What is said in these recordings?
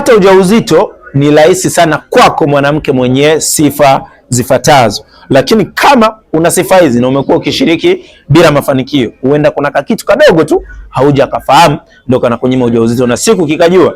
kupata ujauzito ni rahisi sana kwako mwanamke mwenye sifa zifatazo, lakini kama una sifa hizi na umekuwa ukishiriki bila mafanikio, huenda kuna kakitu kadogo tu hauja kafahamu, ndio kana kunyima ujauzito, na siku kikajua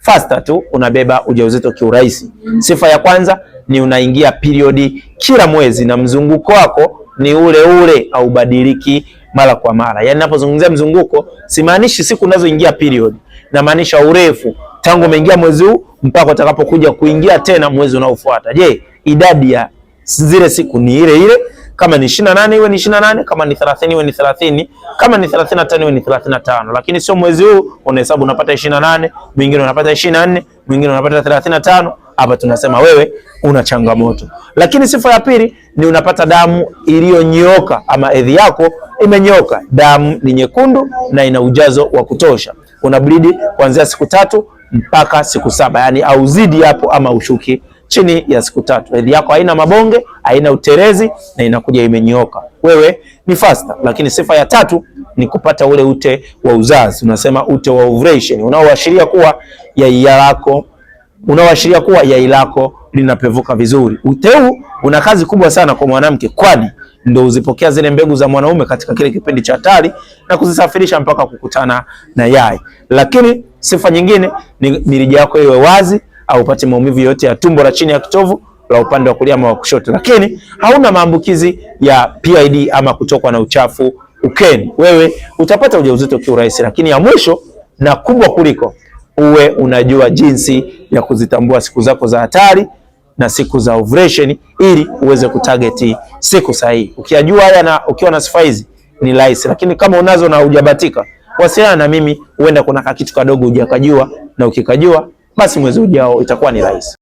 faster tu unabeba ujauzito kiurahisi. Sifa ya kwanza ni unaingia periodi kila mwezi na mzunguko wako ni ule ule, haubadiliki mara kwa mara. Yaani, ninapozungumzia mzunguko simaanishi siku unazoingia period, namaanisha urefu tangu umeingia mwezi huu mpaka utakapokuja kuingia tena mwezi unaofuata. Je, idadi ya zile siku ni ile ile? Kama ni 28 iwe ni 28, kama ni 30 iwe ni 30, kama ni 35 iwe ni 35, lakini sio mwezi huu unahesabu unapata 28, mwingine unapata 24, mwingine unapata 35. Hapa tunasema wewe una changamoto. Lakini sifa ya pili ni unapata damu iliyonyoka ama hedhi yako imenyoka. damu ni nyekundu na ina ujazo wa kutosha. Una bleed kuanzia siku tatu mpaka siku saba, yani au zidi hapo ama ushuki chini ya siku tatu. Hedhi yako haina mabonge, haina uterezi na inakuja imenyooka. Wewe ni fasta. Lakini sifa ya tatu ni kupata ule ute wa uzazi, unasema ute wa ovulation, unaoashiria kuwa yai lako unaoashiria kuwa yai lako linapevuka vizuri. Ute huu una kazi kubwa sana kwa mwanamke, kwani ndio huzipokea zile mbegu za mwanaume katika kile kipindi cha hatari na kuzisafirisha mpaka kukutana na yai. Lakini sifa nyingine ni mirija yako iwe wazi au upate maumivu yote ya tumbo la chini ya kitovu la upande wa kulia ama wa kushoto, lakini hauna maambukizi ya PID ama kutokwa na uchafu ukeni. Wewe utapata ujauzito kiurahisi, lakini ya mwisho na kubwa kuliko, uwe unajua jinsi ya kuzitambua siku zako za hatari na siku za ovulation ili uweze kutarget siku sahihi. Ukiyajua haya na ukiwa na sifa hizi ni rahisi, lakini kama unazo na hujabatika, wasiliana na mimi, huenda kuna kitu kadogo hujakajua, na ukikajua basi mwezi ujao itakuwa ni rahisi.